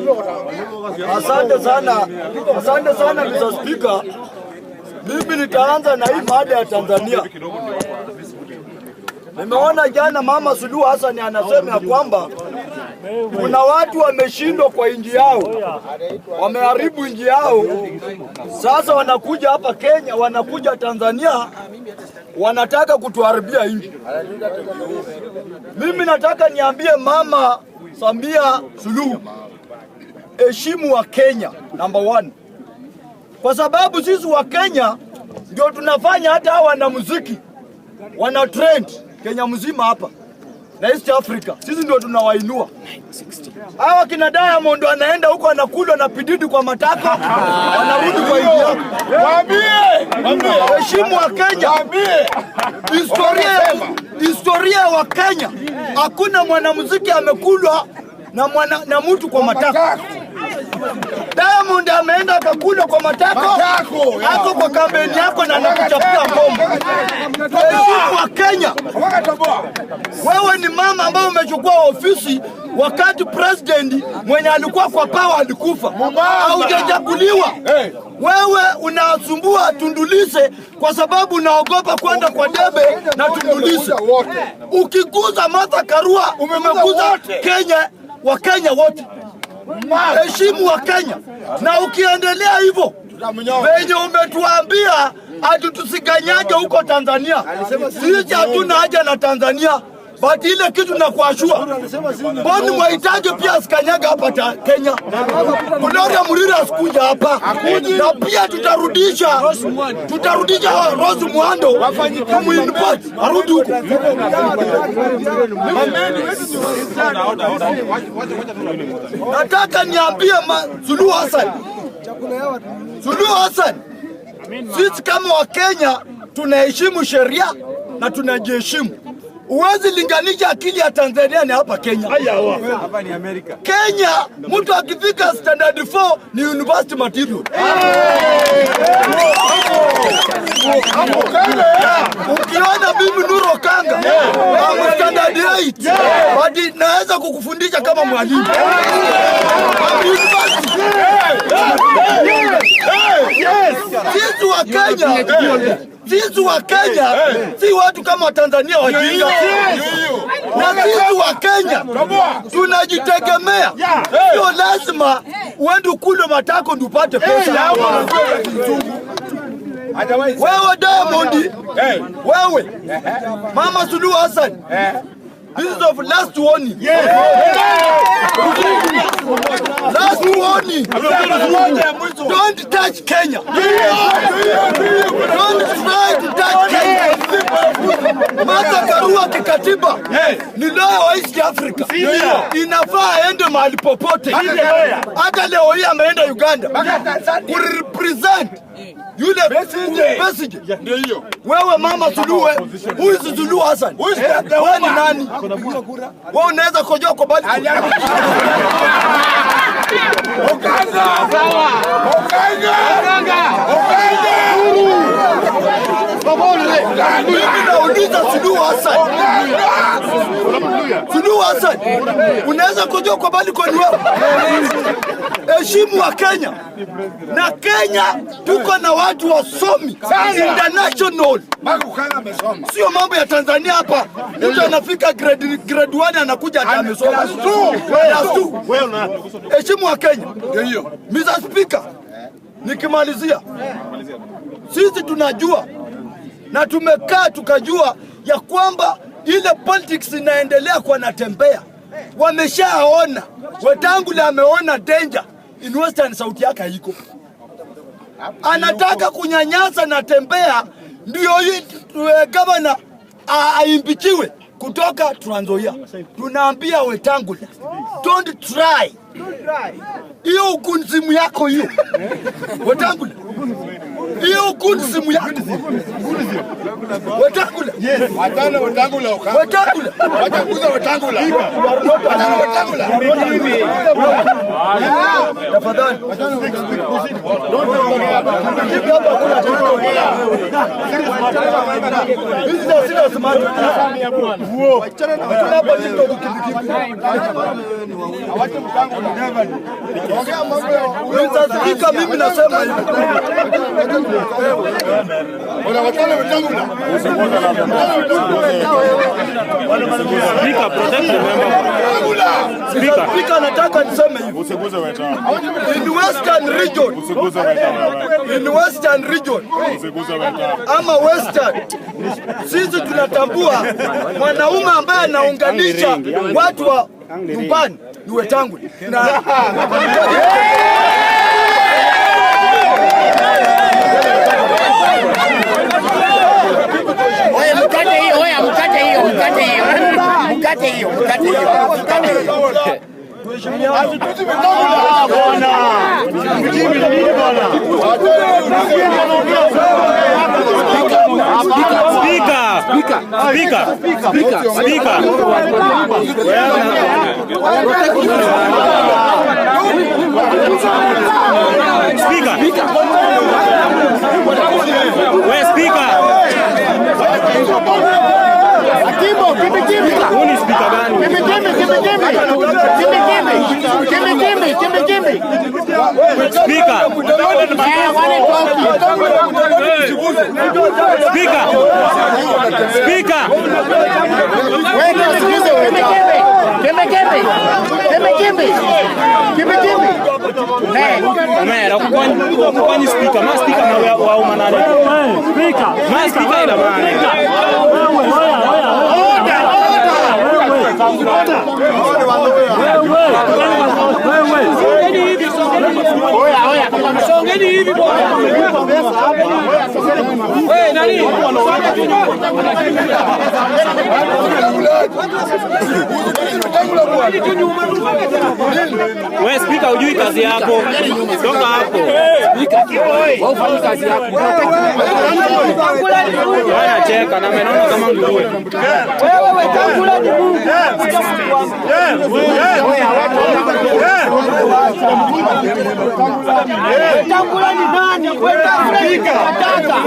Asante sana, asante sana Mr. Speaker. Mimi nitaanza na hii mada ya Tanzania. Nimeona jana Mama Suluhu Hassan anasema ya kwamba kuna watu wameshindwa kwa nchi yao, wameharibu nchi yao. Sasa wanakuja hapa Kenya, wanakuja Tanzania, wanataka kutuharibia nchi. Mimi nataka niambie Mama Samia Suluhu heshimu wa Kenya number one, kwa sababu sisi wa Kenya ndio tunafanya hata hawa na muziki wana trend Kenya mzima hapa na East Africa, sisi ndio tunawainua hawa kina Diamond. Anaenda huko anakulwa na pididi kwa matako, wanarudi kwa hiyo. Waambie heshima wa Kenya, historia historia wa Kenya, hakuna mwanamuziki amekulwa na, mwana, na mtu kwa matako. Diamond ameenda akakula kwa matako ako kwa kampeni yako na anakuchapua bomu. Heshimu wa Kenya, wewe ni mama ambaye umechukua ofisi wakati president mwenye alikuwa kwa power alikufa, haujachaguliwa. Wewe unasumbua tundulize kwa sababu unaogopa kwenda kwa debe na tundulize Ukikuza Martha Karua umeguza Kenya, Wakenya wote heshimu wa Kenya, na ukiendelea hivyo venye umetuambia ati tusiganyage huko Tanzania, sisi hatuna haja na Tanzania but ile kitu na kuashua mboni mwahitaji pia asikanyaga hapa ta Kenya. Gloria Muriri asikuja hapa, na pia tutarudisha tutarudisha Rose Muhando tumuinpot arudi huko. Nataka niambie Suluhu Hassan, Suluhu Hassan, sisi kama Wakenya tunaheshimu sheria na tunajiheshimu. Uwezi linganisha akili ya Tanzania ni hapa Kenya. Hapa ni Amerika. Kenya mtu akifika standard 4 ni university material. Ukiona mimi Nuru Okanga na standard 8 badi naweza kukufundisha kama mwalimu. Yes. Sisi wa Kenya, sisi wa Kenya si watu kama wa wajinga, na sisi wa Kenya tunajitegemea. Sio lazima uende ukulwe matako ndio upate pesa. Wewe Diamond, wewe Mama Suluhu Hassan, this is of last warning hatuoni. Don't touch Kenya. Don't try to touch Kenya. Martha Karua kikatiba ni loya wa East Africa, inafaa aende mahali popote. Hata leo hii ameenda Uganda kurepresent hmm. yule message. Wewe mama Suluwe, huyu si Suluhu Hassan, wewe ni nani? Wewe unaweza kojoa kwa bali mimi nauliza Suluhu Hassan Suluhu Hassan, unaweza kujua kwa balkoni wao. Heshimu wa Kenya na Kenya, tuko na watu wasomi international, sio mambo ya Tanzania hapa. Mtu anafika grade grade 1 anakuja hata amesoma. Heshimu wa Kenya. Mr. Speaker, nikimalizia, sisi tunajua na tumekaa tukajua ya kwamba ile politics inaendelea kwa natembea, wameshaona. Wetangula ameona danger in Western, sauti yake haiko, anataka kunyanyasa natembea, ndio eh, gavana aimbikiwe kutoka Trans Nzoia. Tunaambia Wetangula, don't try hiyo ukunzimu yako hiyo Wetangula hiyo kundi simu yako mimi nasema niseme ama Western, sisi tunatambua mwanaume ambaye anaunganisha watu wa nyumbani ni Wetang'ula Mkate hiyo, oya, mkate hiyo, mkate hiyo, mkate hiyo, mkate hiyo, mkate hiyo. Spika. Kukwanyi spika ma spika mawe wa umanani ma spika ila mani Songeni hivi bwana. Wewe nani? Wewe spika, hujui kazi yako. Toka hapo. vamos wow, kazi yako, wanacheka na menaona kama nguruwe. nani? Wewe tangulia Tata.